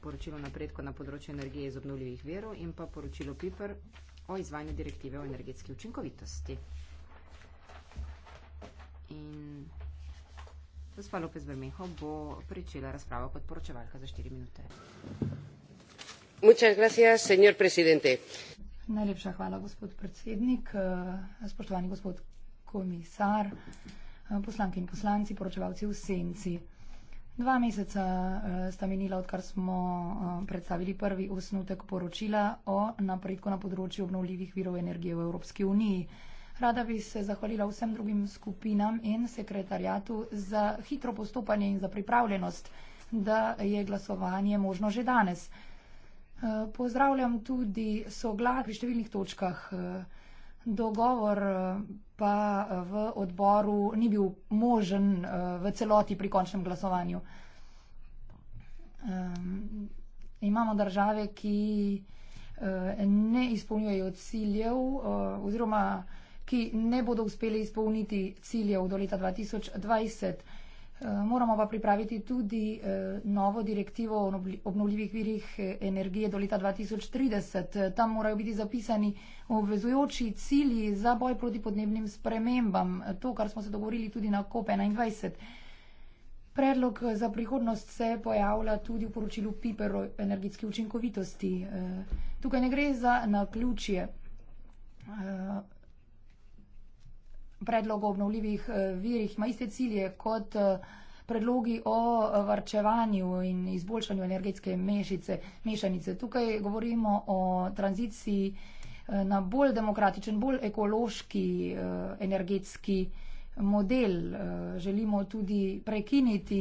poročilo napredko na področju energije iz obnovljivih verov in pa poročilo PIPR o izvajanju direktive o energetski učinkovitosti. In gospa Lopez Bermeho bo pričela razpravo kot poročevalka za štiri minute. Muchas gracias, señor presidente. Najlepša hvala, gospod predsednik. Eh, spoštovani gospod komisar, eh, poslanke in poslanci, poročevalci v senci. Dva meseca eh, sta minila, odkar smo eh, predstavili prvi osnutek poročila o napredku na področju obnovljivih virov energije v Evropski uniji. Rada bi se zahvalila vsem drugim skupinam in sekretarjatu za hitro postopanje in za pripravljenost, da je glasovanje možno že danes. Eh, pozdravljam tudi soglah v številnih točkah dogovor eh, pa eh, v odboru ni bil možen eh, v celoti pri končnem glasovanju. Um, imamo države, ki ne izpolnjujejo ciljev oziroma ki ne bodo uspeli izpolniti ciljev do leta 2020. Eh, moramo pa pripraviti tudi eh, novo direktivo o obnovljivih virih eh, energije do leta 2030. Tam morajo biti zapisani obvezujoči cilji za boj proti podnebnim spremembam. To, kar smo se dogovorili tudi na COP21. Predlog za prihodnost se pojavlja tudi v poročilu PIPER o energetski učinkovitosti. Tukaj ne gre za naključje predlogu o obnovljivih eh, virih, ima iste cilje kot eh, predlogi o eh, varčevanju in izboljšanju energetske mešice, mešanice. Tukaj govorimo o tranziciji na bolj demokratičen, bolj ekološki energetski model. Želimo tudi prekiniti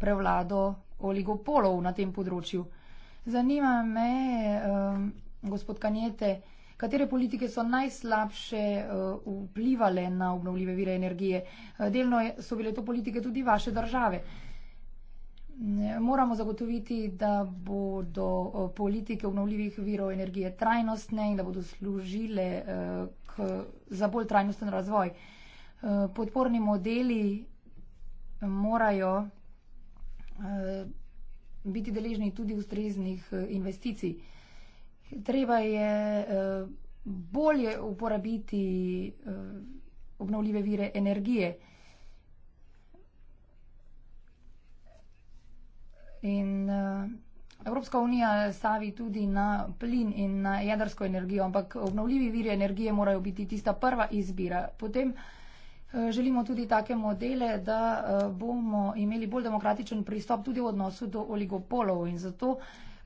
prevlado oligopolov na tem področju. Zanima me, gospod Kanjete, Katere politike so najslabše eh, vplivale na obnovljive vire energije? Eh, delno so bile to politike tudi vaše države. Eh, moramo zagotoviti, da bodo politike obnovljivih virov energije trajnostne in da bodo služile k, za bolj trajnosten razvoj. Podporni modeli morajo biti deležni tudi ustreznih investicij. Treba je eh, bolje uporabiti eh, obnovljive vire energije. In eh, Evropska unija stavi tudi na plin in na jedrsko energijo, ampak obnovljivi viri energije morajo biti tista prva izbira. Potem želimo tudi take modele, da bomo imeli bolj demokratičen pristop tudi v odnosu do oligopolov in zato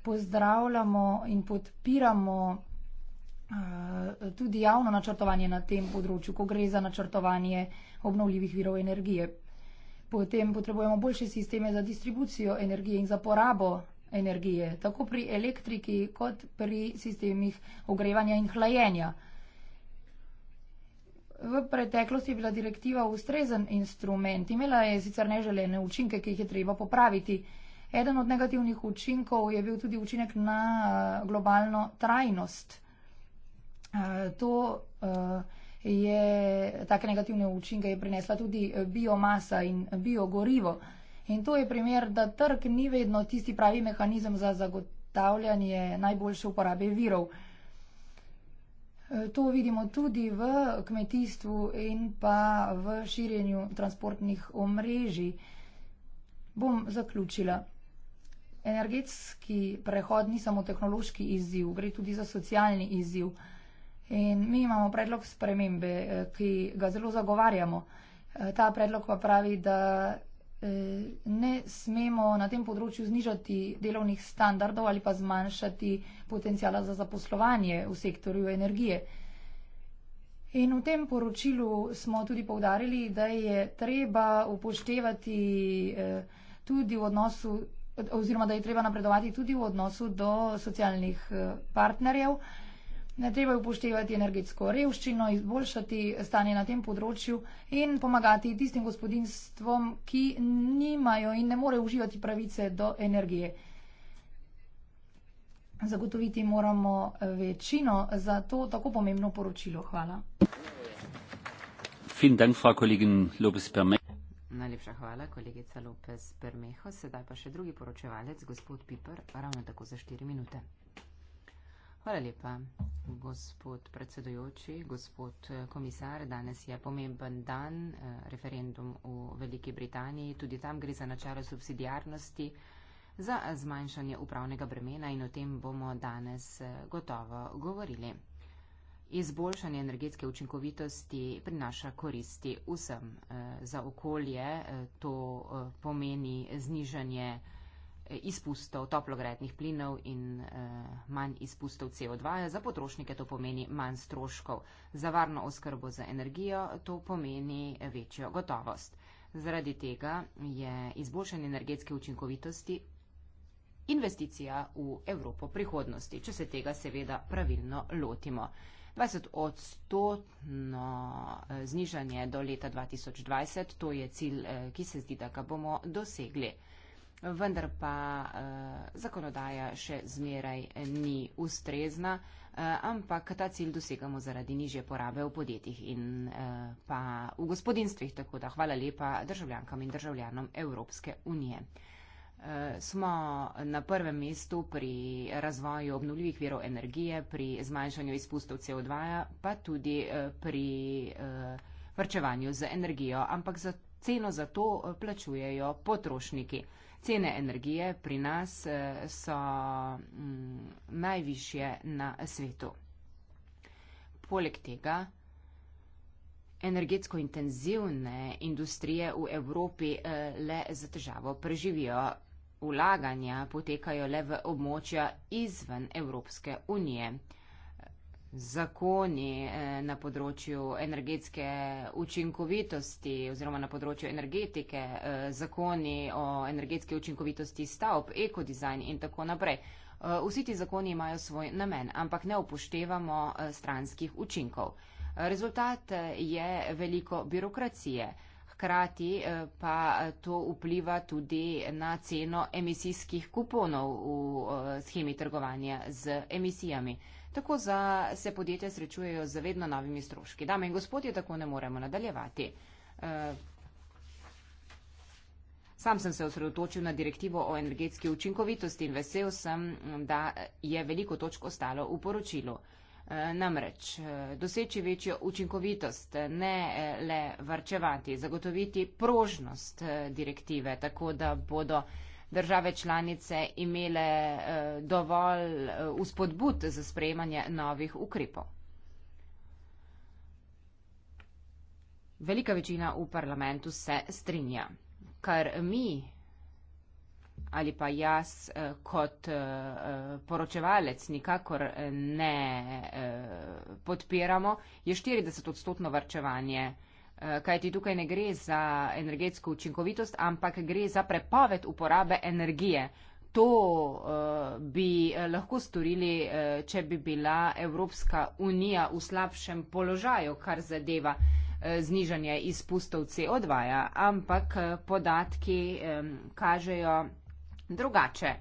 pozdravljamo in podpiramo eh, tudi javno načrtovanje na tem področju, ko gre za načrtovanje obnovljivih virov energije. Potem potrebujemo boljše sisteme za distribucijo energije in za porabo energije, tako pri elektriki kot pri sistemih ogrevanja in hlajenja. V preteklosti je bila direktiva ustrezen instrument, imela je sicer neželene učinke, ki jih je treba popraviti. Eden od negativnih učinkov je bil tudi učinek na eh, globalno trajnost. Eh, to eh, je, take negativne učinke je prinesla tudi biomasa in biogorivo. In to je primer, da trg ni vedno tisti pravi mehanizem za zagotavljanje najboljše uporabe virov. To vidimo tudi v kmetijstvu in pa v širjenju transportnih omrežij. Bom zaključila energetski prehod ni samo tehnološki izziv, gre tudi za socialni izziv. In mi imamo predlog spremembe, eh, ki ga zelo zagovarjamo. Eh, ta predlog pa pravi, da eh, ne smemo na tem področju znižati delovnih standardov ali pa zmanjšati potencijala za zaposlovanje v sektorju energije. In v tem poročilu smo tudi povdarili, da je treba upoštevati tudi v odnosu oziroma da je treba napredovati tudi v odnosu do socialnih eh, partnerjev. Ne treba upoštevati energetsko revščino, izboljšati stanje na tem področju in pomagati tistim gospodinstvom, ki nimajo in ne morejo uživati pravice do energije. Zagotoviti moramo eh, večino za to tako pomembno poročilo. Hvala. Najlepša hvala, kolegica Lopez Bermeho. Sedaj pa še drugi poročevalec, gospod Piper, ravno tako za štiri minute. Hvala lepa, gospod predsedujoči, gospod eh, komisar. Danes je pomemben dan, eh, referendum v Veliki Britaniji. Tudi tam gre za načelo subsidijarnosti, za zmanjšanje upravnega bremena in o tem bomo danes eh, gotovo govorili izboljšanje energetske učinkovitosti prinaša koristi vsem. Eh, za okolje eh, to eh, pomeni znižanje izpustov toplogrednih plinov in manj izpustov CO2, za potrošnike to pomeni manj stroškov, za varno oskrbo za energijo to pomeni večjo gotovost. Zaradi tega je izboljšanje energetske učinkovitosti investicija v Evropo prihodnosti, če se tega seveda pravilno lotimo. 20 odstotno eh, znižanje do leta 2020, to je cilj, eh, ki se zdi, da ga bomo dosegli. Vendar pa eh, zakonodaja še zmeraj eh, ni ustrezna, eh, ampak ta cilj dosegamo zaradi nižje porabe v podjetjih in eh, pa v gospodinstvih. Tako da hvala lepa državljankam in državljanom Evropske unije smo na prvem mestu pri razvoju obnovljivih verov energije, pri zmanjšanju izpustov CO2, pa tudi eh, pri eh, vrčevanju z energijo, ampak za ceno za to eh, plačujejo potrošniki. Cene energije pri nas so mm, najvišje na svetu. Poleg tega energetsko intenzivne industrije v Evropi le za težavo preživijo vlaganja potekajo le v območja izven Evropske unije. Zakoni eh, na področju energetske učinkovitosti oziroma na področju energetike, eh, zakoni o energetske učinkovitosti stavb, ekodizajn in tako naprej. Eh, vsi ti zakoni imajo svoj namen, ampak ne upoštevamo stranskih učinkov. Rezultat je veliko birokracije hkrati eh, pa eh, to vpliva tudi na ceno emisijskih kuponov v eh, schemi trgovanja z emisijami. Tako za se podjetja srečujejo z vedno novimi stroški. Dame in gospodje, tako ne moremo nadaljevati. Sam sem se osredotočil na direktivo o energetski učinkovitosti in vesel sem, da je veliko točk ostalo v poročilu. E, namreč e, doseči večjo učinkovitost, ne e, le varčevati, zagotoviti prožnost direktive, tako da bodo države članice imele dovolj uspodbud za sprejemanje novih ukrepov. Velika večina v parlamentu se strinja. Kar mi ali pa jaz eh, kot eh, poročevalec nikakor eh, ne podpiramo, je 40 odstotno varčevanje. Kajti tukaj ne gre za energetsko učinkovitost, ampak gre za prepoved uporabe energije. To bi lahko storili, če bi bila Evropska unija v slabšem položaju, kar zadeva znižanje izpustov CO2, ja. ampak podatki kažejo, drugače.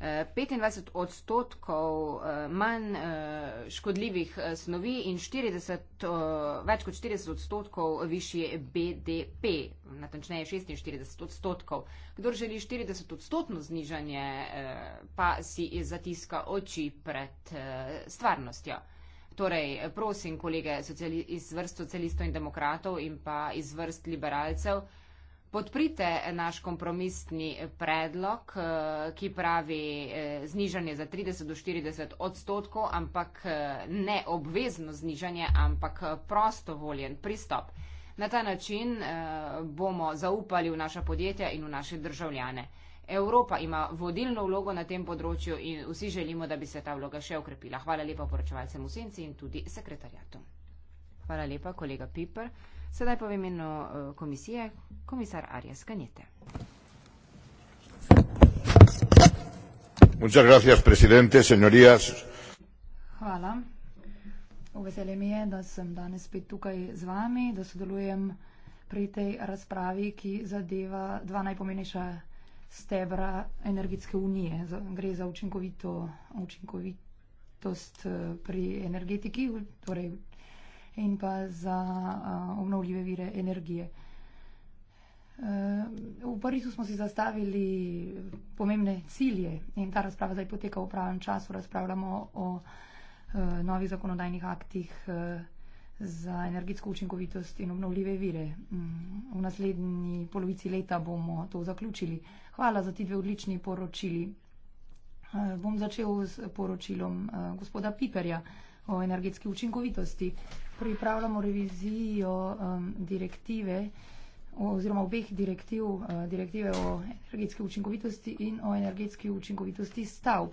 25 eh, odstotkov eh, manj eh, škodljivih snovi in 40, več kot 40 odstotkov višji BDP, natančneje 46 odstotkov. Kdor želi 40 odstotno znižanje, pa si zatiska oči pred stvarnostjo. Torej, prosim kolege iz vrst socialistov in demokratov in pa iz vrst liberalcev, podprite naš kompromisni predlog, eh, ki pravi eh, znižanje za 30 do 40 odstotkov, ampak eh, ne obvezno znižanje, ampak prostovoljen pristop. Na ta način bomo zaupali v naša podjetja in v naše državljane. Evropa ima vodilno vlogo na tem področju in vsi želimo, da bi se ta vloga še ukrepila. Hvala lepa poročevalcem v Senci in tudi sekretarjatu. Hvala lepa, kolega Piper. Sedaj pa v imenu eh, komisije, komisar Arias Kanjete. Hvala. Uveselje mi je, da sem danes spet tukaj z vami, da sodelujem pri tej razpravi, ki zadeva dva najpomenejša stebra energetske unije. Gre za učinkovito, učinkovitost eh, pri energetiki, torej in pa za uh, obnovljive vire energije. Uh, v Parizu smo si zastavili pomembne cilje in ta razprava zdaj poteka v pravem času. Razpravljamo o uh, novih zakonodajnih aktih uh, za energetsko učinkovitost in obnovljive vire. Um, v naslednji polovici leta bomo to zaključili. Hvala za ti dve odlični poročili. Uh, bom začel s poročilom uh, gospoda Piperja. Uh, o energetski učinkovitosti. Pripravljamo revizijo um, direktive oziroma obeh direktiv, uh, direktive o energetski učinkovitosti in o energetski učinkovitosti stavb.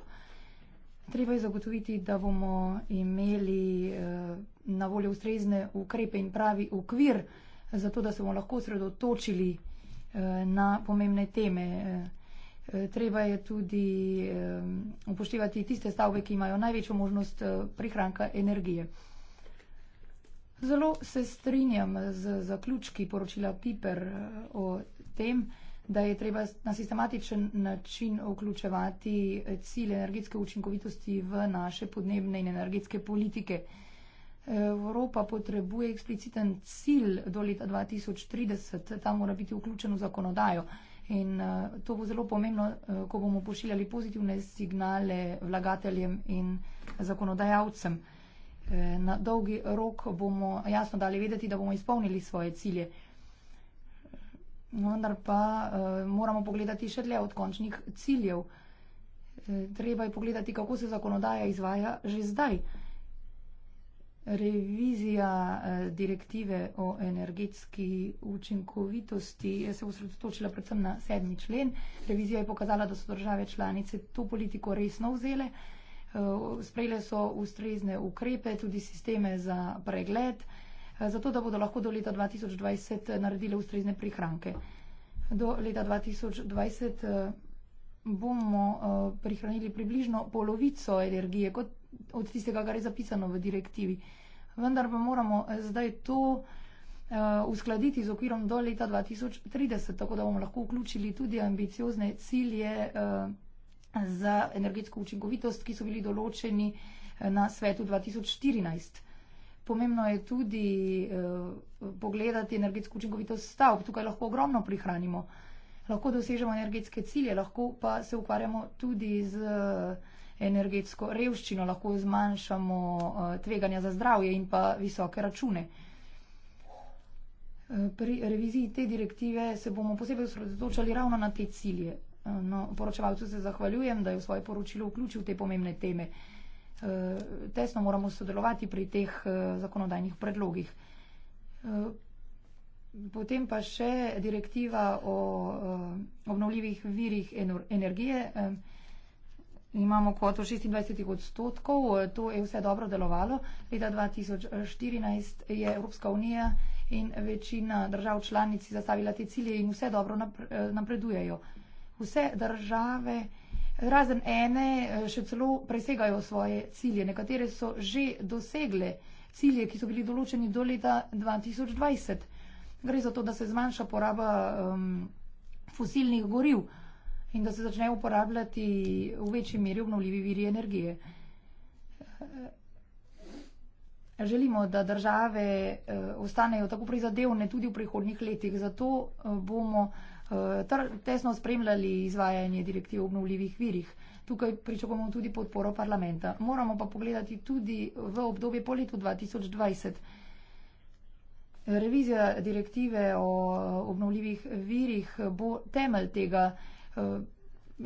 Treba je zagotoviti, da bomo imeli uh, na voljo ustrezne ukrepe in pravi okvir, zato da se bomo lahko sredotočili uh, na pomembne teme. Uh, Eh, treba je tudi upoštevati tiste stavbe, ki imajo največjo možnost eh, prihranka energije. Zelo se strinjam z zaključki poročila Piper eh, o tem, da je treba na sistematičen način vključevati cilj energetske učinkovitosti v naše podnebne in energetske politike. Evropa potrebuje ekspliciten cilj do leta 2030, ta mora biti vključen v zakonodajo. In uh, to bo zelo pomembno, uh, ko bomo pošiljali pozitivne signale vlagateljem in zakonodajalcem. E, na dolgi rok bomo jasno dali vedeti, da bomo izpolnili svoje cilje. Vendar pa uh, moramo pogledati še dlje od končnih ciljev. E, treba je pogledati, kako se zakonodaja izvaja že zdaj revizija eh, direktive o energetski učinkovitosti. Jaz se osredotočila predvsem na sedmi člen. Revizija je pokazala, da so države članice to politiko resno vzele. Eh, sprejele so ustrezne ukrepe, tudi sisteme za pregled, eh, zato da bodo lahko do leta 2020 naredile ustrezne prihranke. Do leta 2020 bomo prihranili približno polovico energije, kot od tistega, kar je zapisano v direktivi. Vendar pa moramo eh, zdaj to eh, uskladiti z okvirom do leta 2030, tako da bomo lahko vključili tudi ambiciozne cilje eh, za energetsko učinkovitost, ki so bili določeni na svetu 2014. Pomembno je tudi pogledati energetsko učinkovitost stavb. Tukaj lahko ogromno prihranimo. Lahko dosežemo energetske cilje, lahko pa se ukvarjamo tudi z energetsko revščino, lahko zmanjšamo eh, tveganja za zdravje in pa visoke račune. Eh, pri reviziji te direktive se bomo posebej osredotočali ravno na te cilje. Eh, no, poročevalcu se zahvaljujem, da je v svoje poročilo vključil te pomembne teme. Tesno moramo sodelovati pri teh zakonodajnih predlogih. Potem pa še direktiva o obnovljivih virih energije imamo kvoto 26 odstotkov, to je vse dobro delovalo. Leta 2014 je Evropska unija in večina držav članici zastavila te cilje in vse dobro napredujejo. Vse države razen ene še celo presegajo svoje cilje, nekatere so že dosegle cilje, ki so bili določeni do leta 2020. Gre za to, da se zmanjša poraba um, fosilnih goriv in da se začne uporabljati v večji meri obnovljivi viri energije. Želimo, da države eh, ostanejo tako prizadevne tudi v prihodnjih letih, zato eh, bomo eh, tesno spremljali izvajanje direktiv obnovljivih virih. Tukaj pričakujemo tudi podporo parlamenta. Moramo pa pogledati tudi v obdobje po letu 2020. Revizija direktive o obnovljivih virih bo temelj tega, Eh,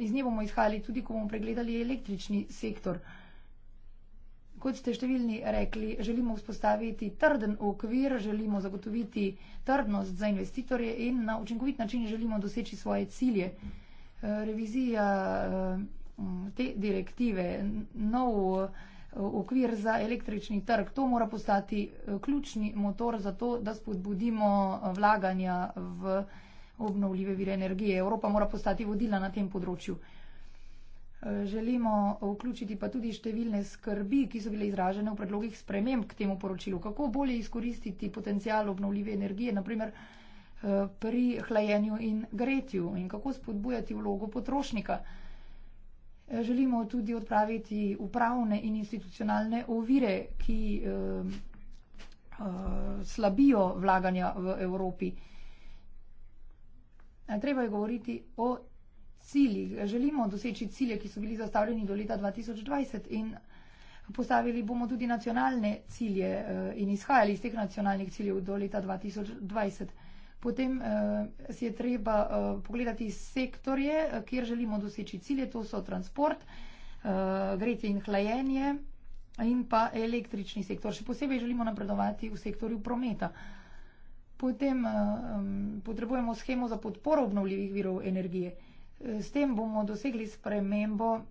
iz nje bomo izhajali tudi, ko bomo pregledali električni sektor. Kot ste številni rekli, želimo vzpostaviti trden okvir, želimo zagotoviti trdnost za investitorje in na učinkovit način želimo doseči svoje cilje. Eh, revizija eh, te direktive, nov okvir za električni trg, to mora postati ključni motor za to, da spodbudimo vlaganja v električni trg obnovljive vire energije. Evropa mora postati vodila na tem področju. Eh, želimo vključiti pa tudi številne skrbi, ki so bile izražene v predlogih sprememb k temu poročilu. Kako bolje izkoristiti potencial obnovljive energije, naprimer eh, pri hlajenju in gretju in kako spodbujati vlogo potrošnika. Eh, želimo tudi odpraviti upravne in institucionalne ovire, ki uh, uh, slabijo vlaganja v Evropi. Uh, Eh, treba je govoriti o ciljih. Želimo doseči cilje, ki so bili zastavljeni do leta 2020 in postavili bomo tudi nacionalne cilje eh, in izhajali iz teh nacionalnih ciljev do leta 2020. Potem eh, si je treba eh, pogledati sektorje, eh, kjer želimo doseči cilje, to so transport, eh, gretje in hlajenje in pa električni sektor. Še posebej želimo napredovati v sektorju prometa. Eh, Potem um, potrebujemo schemo za podporo obnovljivih virov energije. Eh, s tem bomo dosegli spremembo, uh,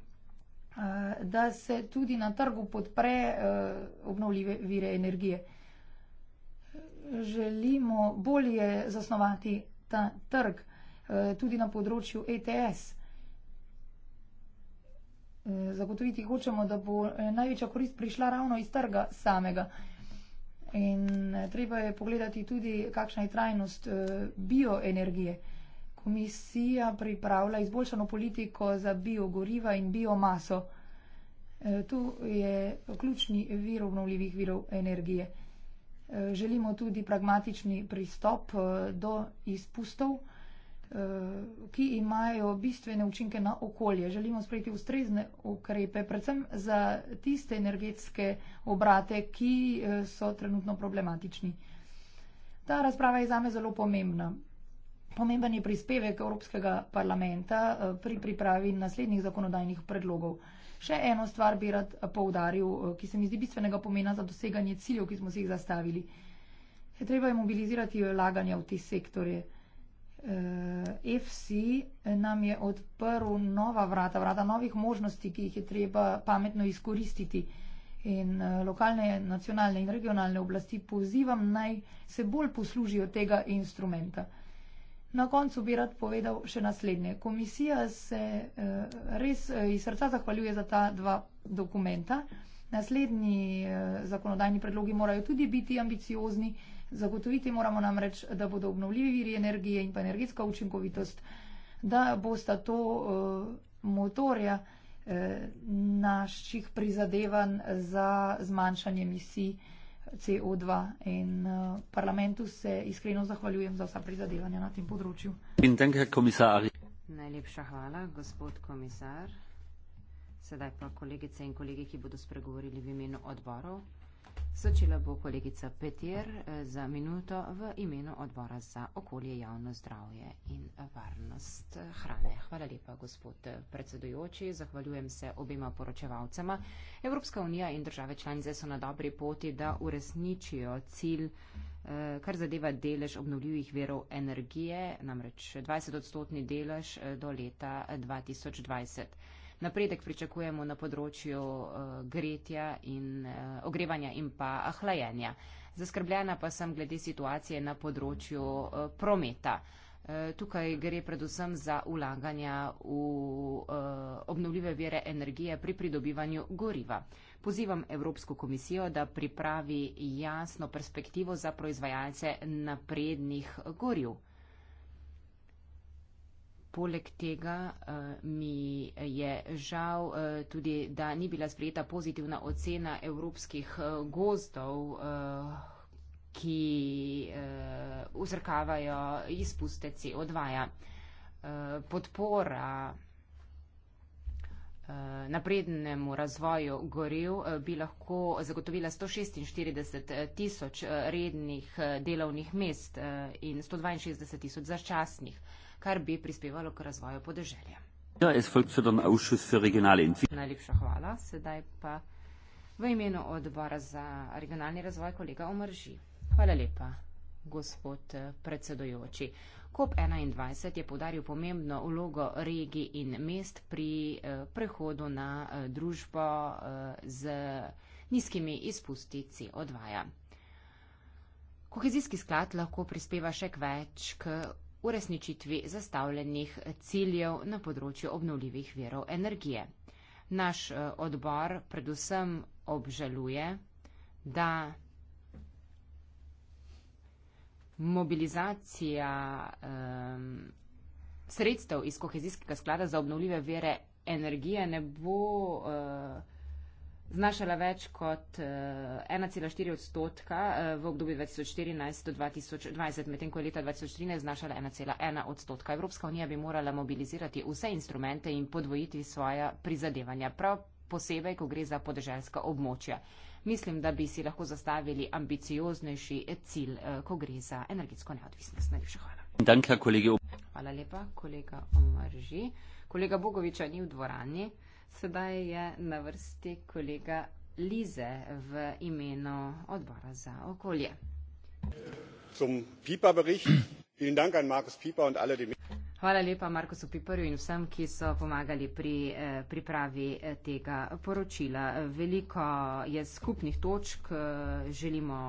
da se tudi na trgu podpre uh, obnovljive vire energije. Želimo bolje zasnovati ta trg uh, tudi na področju ETS. Zagotoviti hočemo, da bo največja korist prišla ravno iz trga samega. Uh, In eh, treba je pogledati tudi, kakšna je trajnost eh, bioenergije. Komisija pripravlja izboljšano politiko za biogoriva in biomaso. Eh, tu je ključni vir obnovljivih virov energije. Želimo tudi pragmatični pristop do izpustov. Eh, ki imajo bistvene učinke na okolje. Želimo sprejeti ustrezne ukrepe, predvsem za tiste energetske obrate, ki eh, so trenutno problematični. Ta razprava je zame zelo pomembna. Pomemben je prispevek Evropskega parlamenta eh, pri pripravi naslednjih zakonodajnih predlogov. Še eno stvar bi rad poudaril, ki se mi zdi bistvenega pomena za doseganje ciljev, ki smo si jih zastavili. Je treba je mobilizirati vlaganja v te sektorje. Eh, FC nam je odprl nova vrata, vrata novih možnosti, ki jih je treba pametno izkoristiti. In eh, lokalne, nacionalne in regionalne oblasti pozivam naj se bolj poslužijo tega instrumenta. Na koncu bi rad povedal še naslednje. Komisija se eh, res iz srca zahvaljuje za ta dva dokumenta. Naslednji eh, zakonodajni predlogi morajo tudi biti ambiciozni. Zagotoviti moramo namreč, da bodo obnovljivi viri energije in pa energetska učinkovitost, da bosta to eh, motorja eh, naših prizadevanj za zmanjšanje emisij CO2. In parlamentu se iskreno zahvaljujem za vsa prizadevanja na tem področju. Najlepša hvala, gospod komisar. Sedaj pa kolegice in kolegi, ki bodo spregovorili v imenu odborov. Sočila bo kolegica Petir eh, za minuto v imenu odbora za okolje, javno zdravje in varnost eh, hrane. Hvala lepa, gospod eh, predsedujoči. Zahvaljujem se obima poročevalcema. Evropska unija in države članice so na dobri poti, da uresničijo cilj, kar zadeva delež obnovljivih verov energije, namreč 20-odstotni delež do leta 2020 napredek pričakujemo na področju eh, gretja in eh, ogrevanja in pa ahlajenja. Zaskrbljena pa sem glede situacije na področju eh, prometa. Tukaj gre predvsem za ulaganja v obnovljive vere energije pri pridobivanju goriva. Pozivam Evropsko komisijo, da pripravi jasno perspektivo za proizvajalce naprednih goriv. Poleg tega eh, mi je žal eh, tudi, da ni bila sprejeta pozitivna ocena evropskih eh, gozdov, ki vzrkavajo izpuste CO2. -ja. Podpora naprednemu razvoju goril bi lahko zagotovila 146 tisoč rednih delovnih mest in 162 tisoč začasnih kar bi prispevalo k razvoju podeželja. Ja, Najlepša hvala, sedaj pa v imenu odbora za regionalni razvoj kolega Omrži. Hvala lepa, gospod eh, predsedojoči. COP21 je podaril pomembno vlogo regij in mest pri eh, prehodu na eh, družbo z nizkimi izpusti CO2. Ja. Kohezijski sklad lahko prispeva še k več k uresničitvi zastavljenih ciljev na področju obnovljivih verov energije. Naš eh, odbor predvsem obžaluje, da mobilizacija um, sredstev iz kohezijskega sklada za obnovljive vere energije ne bo uh, znašala več kot 1,4 eh, odstotka eh, v obdobju 2014 do 2020, medtem ko je leta 2013 znašala 1,1 odstotka. Evropska unija bi morala mobilizirati vse instrumente in podvojiti svoja prizadevanja, prav posebej, ko gre za podeželska območja. Mislim, da bi si lahko zastavili ambicioznejši eh, cilj, ko gre za energetsko neodvisnost. Najlepša hvala. Danka, kolegi... Hvala lepa, kolega Omarži. Kolega Bogoviča ni v dvorani. Sedaj je na vrsti kolega Lize v imenu odbora za okolje. Hvala lepa Markusu Piperju in vsem, ki so pomagali pri eh, pripravi eh, tega poročila. Veliko eh, je skupnih točk, želimo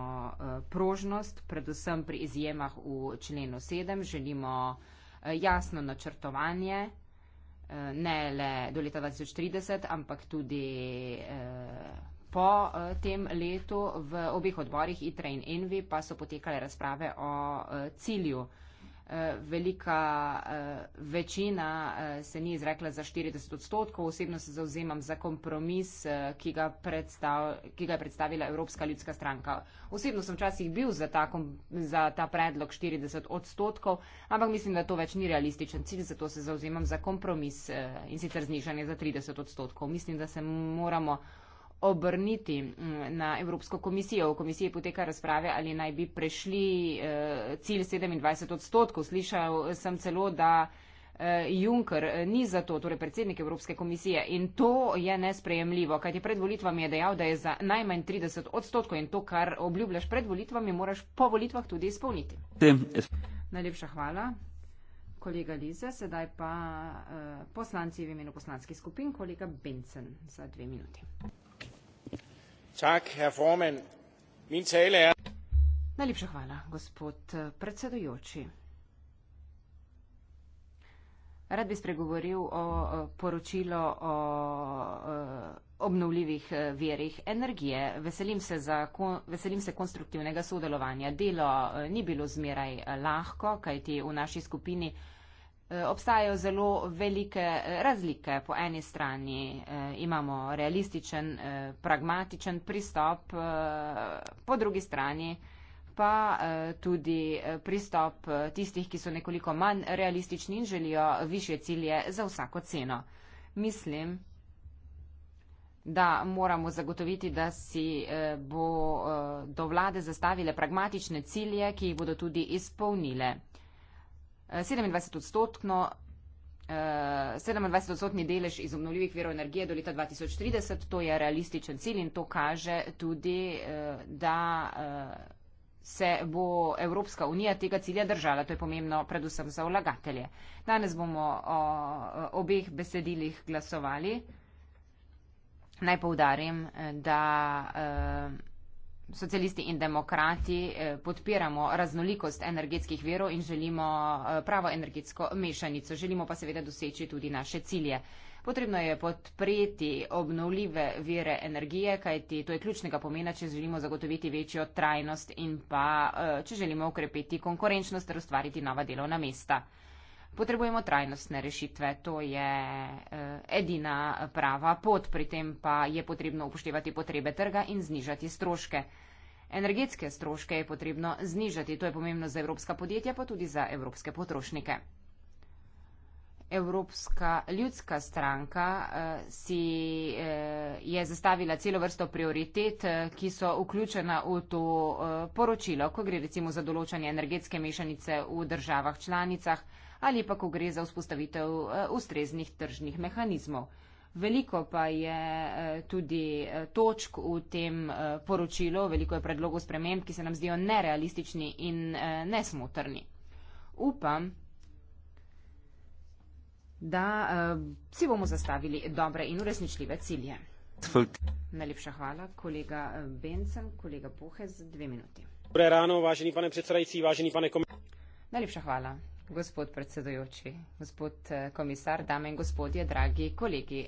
prožnost, predvsem pri izjemah v členu 7, želimo jasno načrtovanje Eh, ne le do leta 2030, ampak tudi eh, po eh, tem letu. V obeh odborih ITRA in ENVI pa so potekale razprave o cilju. Eh, velika eh, večina eh, se ni izrekla za 40 odstotkov. Osebno se zauzemam za kompromis, ki ga, predstav, ki ga je predstavila Evropska ljudska stranka. Osebno sem včasih bil za ta, za ta predlog 40 odstotkov, ampak mislim, da to več ni realističen cilj, zato se zauzemam za kompromis in sicer znižanje za 30 odstotkov. Mislim, da se moramo obrniti mm, na Evropsko komisijo. V komisiji poteka razprave, ali naj bi prešli eh, cilj 27 odstotkov. Slišal eh, sem celo, da eh, Juncker ni za to, torej predsednik Evropske komisije. In to je nesprejemljivo, kajti pred volitvami je dejal, da je za najmanj 30 odstotkov in to, kar obljubljaš pred volitvami, moraš po volitvah tudi izpolniti. Najlepša hvala. Kolega Lize, sedaj pa uh, poslanci v imenu poslanskih skupin, kolega Bencen za dve minuti. Čak, herr Formen, min cele je. Er- Najlepša hvala, gospod eh, predsedujoči. Rad bi spregovoril o eh, poročilo o eh, obnovljivih verjih energije. Veselim se, za, veselim se konstruktivnega sodelovanja. Delo ni bilo zmeraj lahko, kajti v naši skupini obstajajo zelo velike eh, razlike. Po eni strani eh, imamo realističen, eh, pragmatičen pristop, po drugi strani pa tudi pristop tistih, ki so nekoliko manj realistični in želijo više cilje za vsako ceno. Mislim, da moramo zagotoviti, da si bo do vlade zastavile pragmatične cilje, ki jih bodo tudi izpolnile. 27 odstotkno. 27-odstotni delež iz obnovljivih verov energije do leta 2030, to je realističen cilj in to kaže tudi, eh, da eh, se bo Evropska unija tega cilja držala. To je pomembno predvsem za vlagatelje. Danes bomo o eh, obeh besedilih glasovali. Naj poudarim, da socialisti in demokrati eh, podpiramo raznolikost energetskih verov in želimo eh, pravo energetsko mešanico. Želimo pa seveda doseči tudi naše cilje. Potrebno je podpreti obnovljive vere energije, kajti to je ključnega pomena, če želimo zagotoviti večjo trajnost in pa eh, če želimo ukrepiti konkurenčnost ter ustvariti nova delovna mesta potrebujemo trajnostne rešitve. To je eh, edina prava pot, pri tem pa je potrebno upoštevati potrebe trga in znižati stroške. Energetske stroške je potrebno znižati, to je pomembno za evropska podjetja, pa tudi za evropske potrošnike. Evropska ljudska stranka eh, si eh, je zastavila celo vrsto prioritet, eh, ki so vključena v to eh, poročilo, ko gre recimo za določanje energetske mešanice v državah članicah, ali pa ko gre za vzpostavitev eh, ustreznih tržnih mehanizmov. Veliko pa je eh, tudi eh, točk v tem poročilu, veliko je predlogov sprememb, ki se nam zdijo nerealistični in nesmotrni. Upam, da si bomo zastavili dobre in uresničljive cilje. Najlepša hvala, kolega Bencem, kolega Pohez, dve minuti. Dobre ráno, vážený pane predsedajúci, vážený pane komisár. Najlepša hvala gospod predsedujoči, gospod eh, komisar, dame in gospodje, dragi kolegi.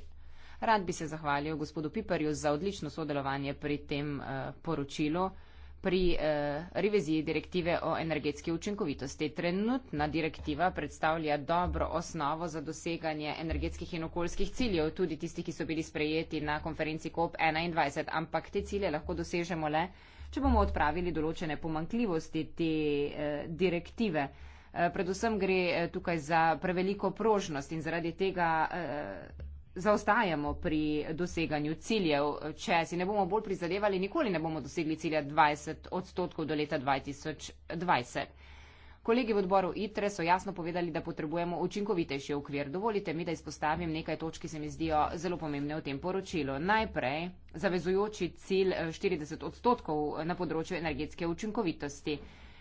Rad bi se zahvalil gospodu Piperju za odlično sodelovanje pri tem eh, poročilu pri eh, reviziji direktive o energetski učinkovitosti. Trenutna direktiva predstavlja dobro osnovo za doseganje energetskih in okoljskih ciljev, tudi tistih, ki so bili sprejeti na konferenci COP21, ampak te cilje lahko dosežemo le, če bomo odpravili določene pomankljivosti te direktive. Eh, predvsem gre eh, tukaj za preveliko prožnost in zaradi tega eh, zaostajamo pri doseganju ciljev. Če si ne bomo bolj prizadevali, nikoli ne bomo dosegli cilja 20 odstotkov do leta 2020. Kolegi v odboru ITRE so jasno povedali, da potrebujemo učinkovitejši okvir. Dovolite mi, da izpostavim nekaj točk, ki se mi zdijo zelo pomembne v tem poročilu. Najprej zavezujoči cilj 40 odstotkov na področju energetske učinkovitosti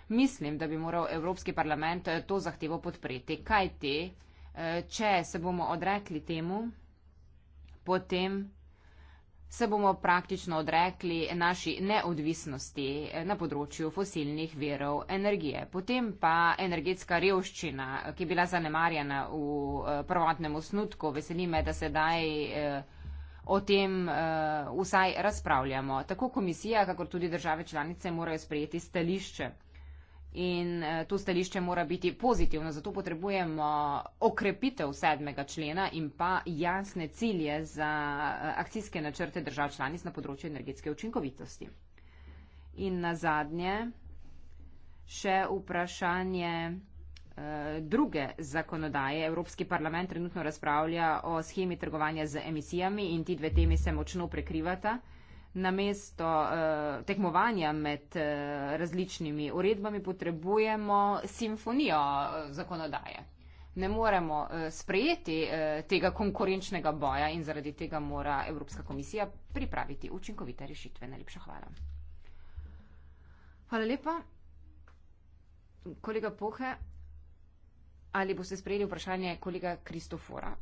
mislim, da bi moral Evropski parlament eh, to zahtevo podpreti. Kaj te, eh, če se bomo odrekli temu, potem se bomo praktično odrekli naši neodvisnosti eh, na področju fosilnih verov energije. Potem pa energetska revščina, ki je bila zanemarjena v prvotnem osnutku, veseli me, da se daj o tem vsaj razpravljamo. Tako komisija, kako tudi države članice morajo sprejeti stališče. In eh, to stališče mora biti pozitivno, zato potrebujemo okrepitev sedmega člena in pa jasne cilje za eh, akcijske načrte držav članic na področju energetske učinkovitosti. In na zadnje še vprašanje eh, druge zakonodaje. Evropski parlament trenutno razpravlja o schemi trgovanja z emisijami in ti dve temi se močno prekrivata namesto uh, tekmovanja med uh, različnimi uredbami potrebujemo simfonijo uh, zakonodaje. Ne moremo uh, sprejeti uh, tega konkurenčnega boja in zaradi tega mora Evropska komisija pripraviti učinkovite rešitve. Najlepša hvala. Hvala lepa. Kolega Pohe, ali boste sprejeli vprašanje kolega Kristofora?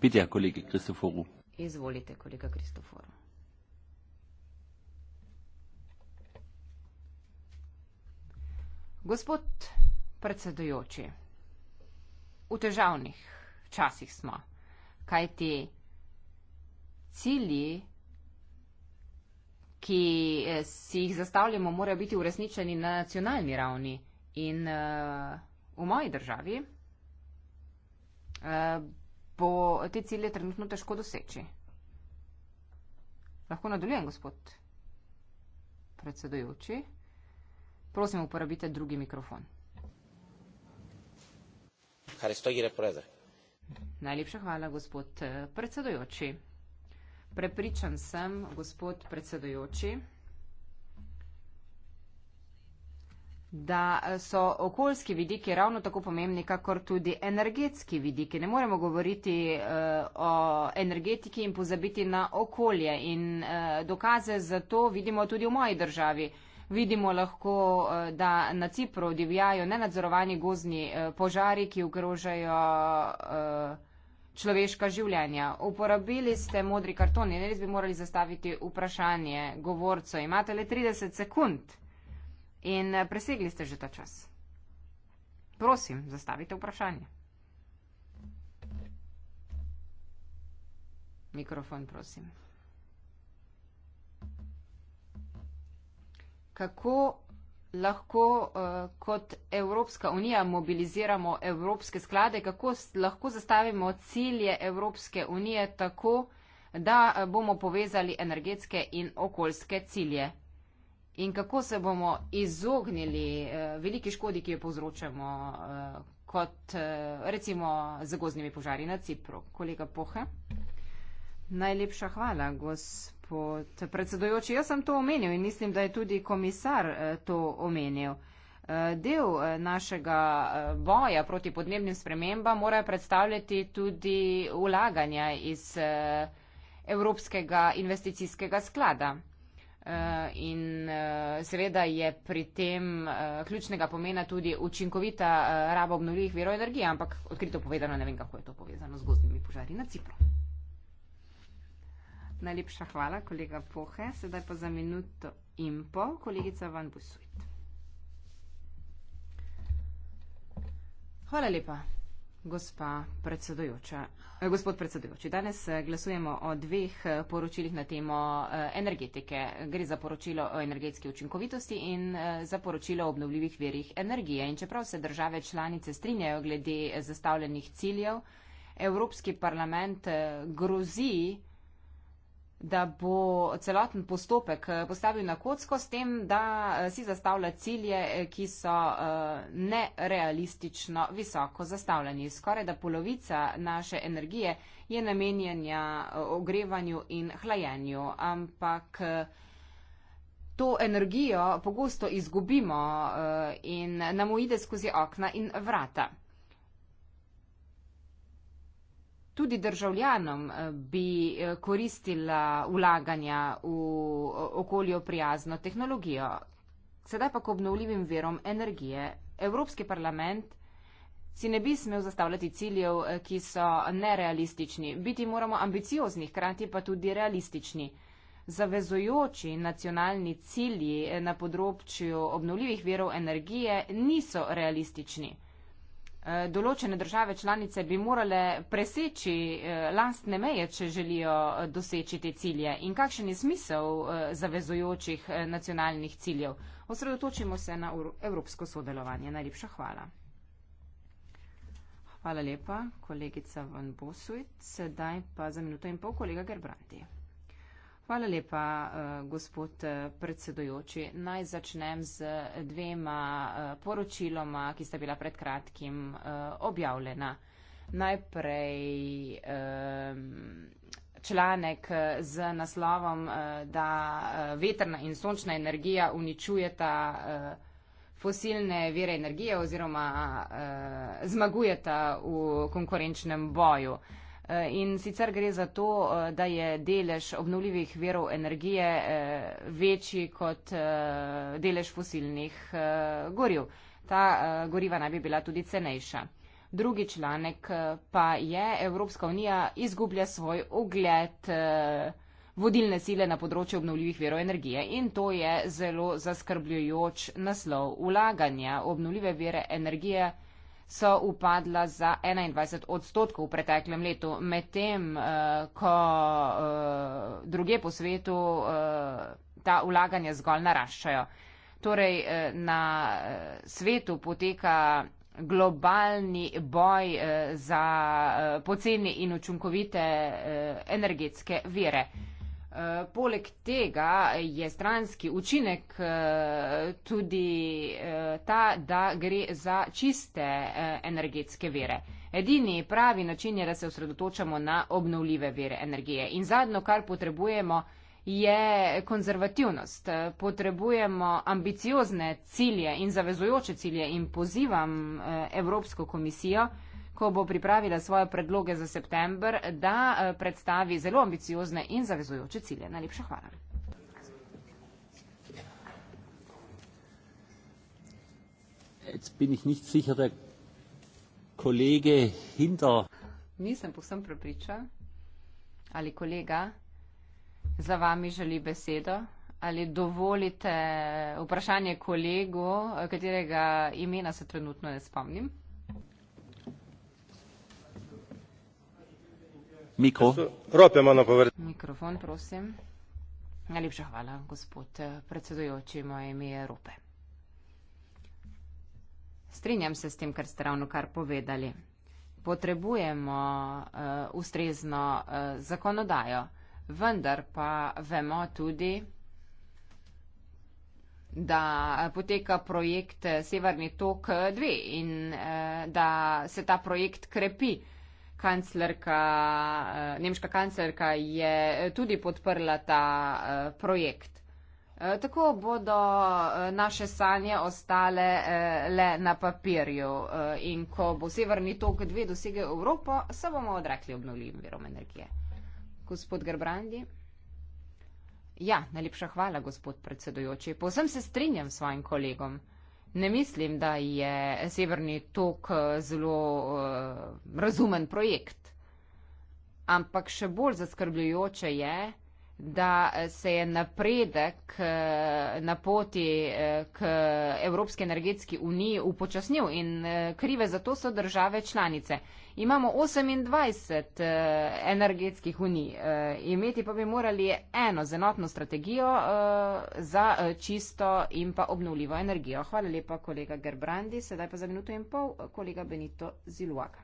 Pitja, kolegi Kristoforu. Izvolite, kolega Kristoforu. Gospod predsedujoči, v težavnih časih smo, kajti cilji, ki eh, si jih zastavljamo, morajo biti uresničeni na nacionalni ravni in uh, v moji državi uh, bo te cilje trenutno težko doseči. Lahko nadaljujem, gospod predsedujoči. Prosim, uporabite drugi mikrofon. Najlepša hvala, gospod eh, predsedojoči. Prepričan sem, gospod predsedojoči, da so okoljski vidiki ravno tako pomembni, kakor tudi energetski vidiki. Ne moremo govoriti uh, o energetiki in pozabiti na okolje. In uh, dokaze za to vidimo tudi v moji državi. Uh, Vidimo lahko, eh, da na Cipru divjajo nenadzorovani gozni eh, požari, ki ogrožajo eh, človeška življenja. Uporabili ste modri karton in res bi morali zastaviti vprašanje govorco. Imate le 30 sekund in presegli ste že ta čas. Prosim, zastavite vprašanje. Mikrofon, prosim. kako lahko uh, kot Evropska unija mobiliziramo evropske sklade, kako lahko zastavimo cilje Evropske unije tako, da eh, bomo povezali energetske in okoljske cilje. In kako se bomo izognili uh, veliki škodi, ki jo povzročamo uh, kot uh, recimo z gozdnimi požari na Cipru. Kolega Poha, najlepša hvala, gospod gospod predsedojoči. Jaz sem to omenil in mislim, da je tudi komisar eh, to omenil. Eh, del eh, našega boja proti podnebnim spremembam mora predstavljati tudi ulaganja iz Evropskega investicijskega sklada. In seveda je pri tem ključnega pomena tudi učinkovita raba obnovljivih virov energije, ampak odkrito povedano ne vem, kako je to povezano z gozdnimi požari na Cipru. Najlepša hvala, kolega Pohe. Sedaj pa za minuto in pol, kolegica Van Busuit. Hvala lepa, gospa predsedujoča. Eh, gospod predsedujoči, danes eh, glasujemo o dveh eh, poročilih na temo eh, energetike. Gre za poročilo o energetski učinkovitosti in eh, za poročilo o obnovljivih verjih energije. In čeprav se države članice strinjajo glede eh, zastavljenih ciljev, Evropski parlament eh, grozi, da bo celoten postopek eh, postavil na kocko s tem, da eh, si zastavlja cilje, eh, ki so nerealistično visoko zastavljeni. Skoraj da polovica naše energije je namenjena ogrevanju in hlajenju, ampak to energijo pogosto izgubimo in nam uide skozi okna in vrata. tudi državljanom eh, bi eh, koristila vlaganja v okolju prijazno tehnologijo. Sedaj pa k obnovljivim verom energije. Evropski parlament si ne bi smel zastavljati ciljev, eh, ki so nerealistični. Biti moramo ambiciozni, hkrati pa tudi realistični. Zavezojoči nacionalni cilji na področju obnovljivih verov energije niso realistični. Eh, določene države članice bi morale preseči eh, lastne meje, če želijo eh, doseči te cilje. In kakšen je smisel zavezujočih nacionalnih ciljev? Osredotočimo se na evropsko sodelovanje. Najlepša hvala. Hvala lepa, kolegica Van Bosuit. Sedaj pa za minuto in pol kolega Gerbrandi. Hvala lepa, eh, gospod eh, predsedojoči. Naj začnem z dvema eh, poročiloma, ki sta bila pred kratkim objavljena. Najprej članek z naslovom, da vetrna in sončna energija uničujeta fosilne vire energije oziroma zmagujeta v konkurenčnem boju. Eh, in sicer gre za to, eh, da je delež obnovljivih verov energije eh, večji kot delež fosilnih goriv. Ta goriva naj bi bila tudi cenejša. Drugi članek pa je, Evropska unija izgublja svoj ugled vodilne sile na področju obnovljivih verov energije in to je zelo zaskrbljujoč naslov. Ulaganja obnovljive vere energije so upadla za 21 odstotkov v preteklem letu, medtem eh, ko eh, druge po svetu eh, ta vlaganja zgolj naraščajo. Torej, na svetu poteka globalni boj za poceni in učinkovite energetske vire. Eh, poleg tega je stranski učinek eh, tudi eh, ta, da gre za čiste energetske vere. Edini pravi način je, da se osredotočamo na obnovljive vere energije. In zadnjo, kar potrebujemo, je konzervativnost. Potrebujemo ambiciozne cilje in zavezujoče cilje in pozivam Evropsko komisijo, ko bo pripravila svoje predloge za september, da eh, predstavi zelo ambiciozne in zavezujoče cilje. Najlepša hvala. Nisem povsem prepričan, ali kolega za vami želi besedo, ali dovolite vprašanje kolegu, katerega imena se trenutno ne spomnim. Mikrofon, prosim. Najlepša hvala, gospod eh, predsedujoči. Moje ime je Rope. Strinjam se s tem, kar ste ravno kar povedali. Potrebujemo uh, ustrezno uh, zakonodajo, vendar pa vemo tudi, da poteka projekt Severni tok 2 in uh, da se ta projekt krepi. Uh, kanclerka, eh, nemška kanclerka je tudi podprla ta eh, projekt. Eh, tako bodo naše sanje ostale le na papirju in ko bo severni tok dve dosege Evropo, se bomo odrekli obnovljivim verom energije. Gospod Gerbrandi. Ja, najlepša hvala, gospod predsedujoči. Povsem se strinjam s svojim kolegom. Ne mislim, da je Severni tok eh, zelo uh, razumen projekt. Ampak še bolj zaskrbljujoče je, da eh, se je napredek eh, na poti eh, k Evropski energetski uniji upočasnil in krive za to so države članice. Imamo 28 energetskih unij, imeti pa bi morali eno zenotno strategijo za čisto in pa obnovljivo energijo. Hvala lepa, kolega Gerbrandi. Sedaj pa za minuto in pol, kolega Benito Ziluaka.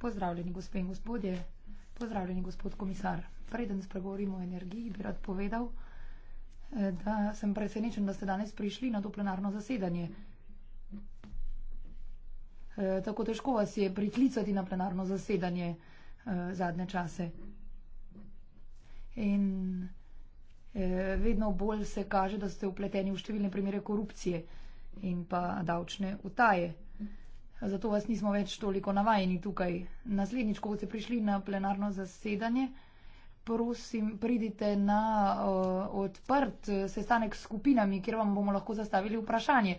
Pozdravljeni, gospod in gospodje. Pozdravljeni, gospod komisar preden spregovorimo o energiji, bi rad povedal, eh, da sem presenečen, da ste danes prišli na to plenarno zasedanje. Eh, tako težko vas je priklicati na plenarno zasedanje eh, zadnje čase. In vedno bolj se kaže, da ste upleteni v številne primere korupcije in pa davčne utaje. Zato vas nismo več toliko navajeni tukaj. Naslednjič, ko boste prišli na plenarno zasedanje, prosim, pridite na uh, odprt sestanek s skupinami, kjer vam bomo lahko zastavili vprašanje.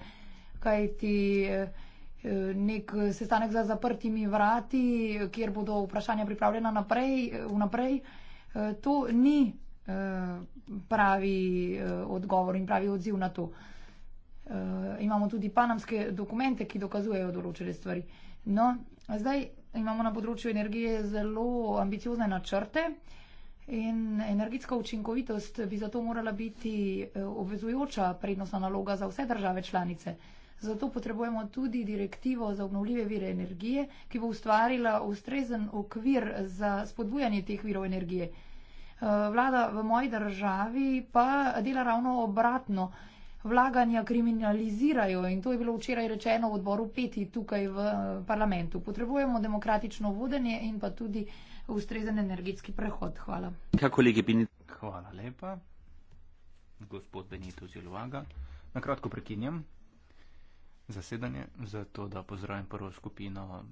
Kaj ti uh, eh, nek sestanek za zaprtimi vrati, kjer bodo vprašanja pripravljena naprej, vnaprej, uh, to ni uh, pravi uh, odgovor in pravi odziv na to. Uh, imamo tudi panamske dokumente, ki dokazujejo določene stvari. No, zdaj imamo na področju energije zelo ambiciozne načrte. Uh, In energetska učinkovitost bi zato morala biti eh, obvezujoča prednostna naloga za vse države članice. Zato potrebujemo tudi direktivo za obnovljive vire energije, ki bo ustvarila ustrezen okvir za spodbujanje teh virov energije. Eh, vlada v moji državi pa dela ravno obratno. Vlaganja kriminalizirajo in to je bilo včeraj rečeno v odboru peti tukaj v eh, parlamentu. Potrebujemo demokratično vodenje in pa tudi ustrezen energetski prehod. Hvala. Ja, kolegi, Hvala lepa, gospod Benito Zilvaga. Na kratko prekinjam zasedanje, zato da pozdravim prvo skupino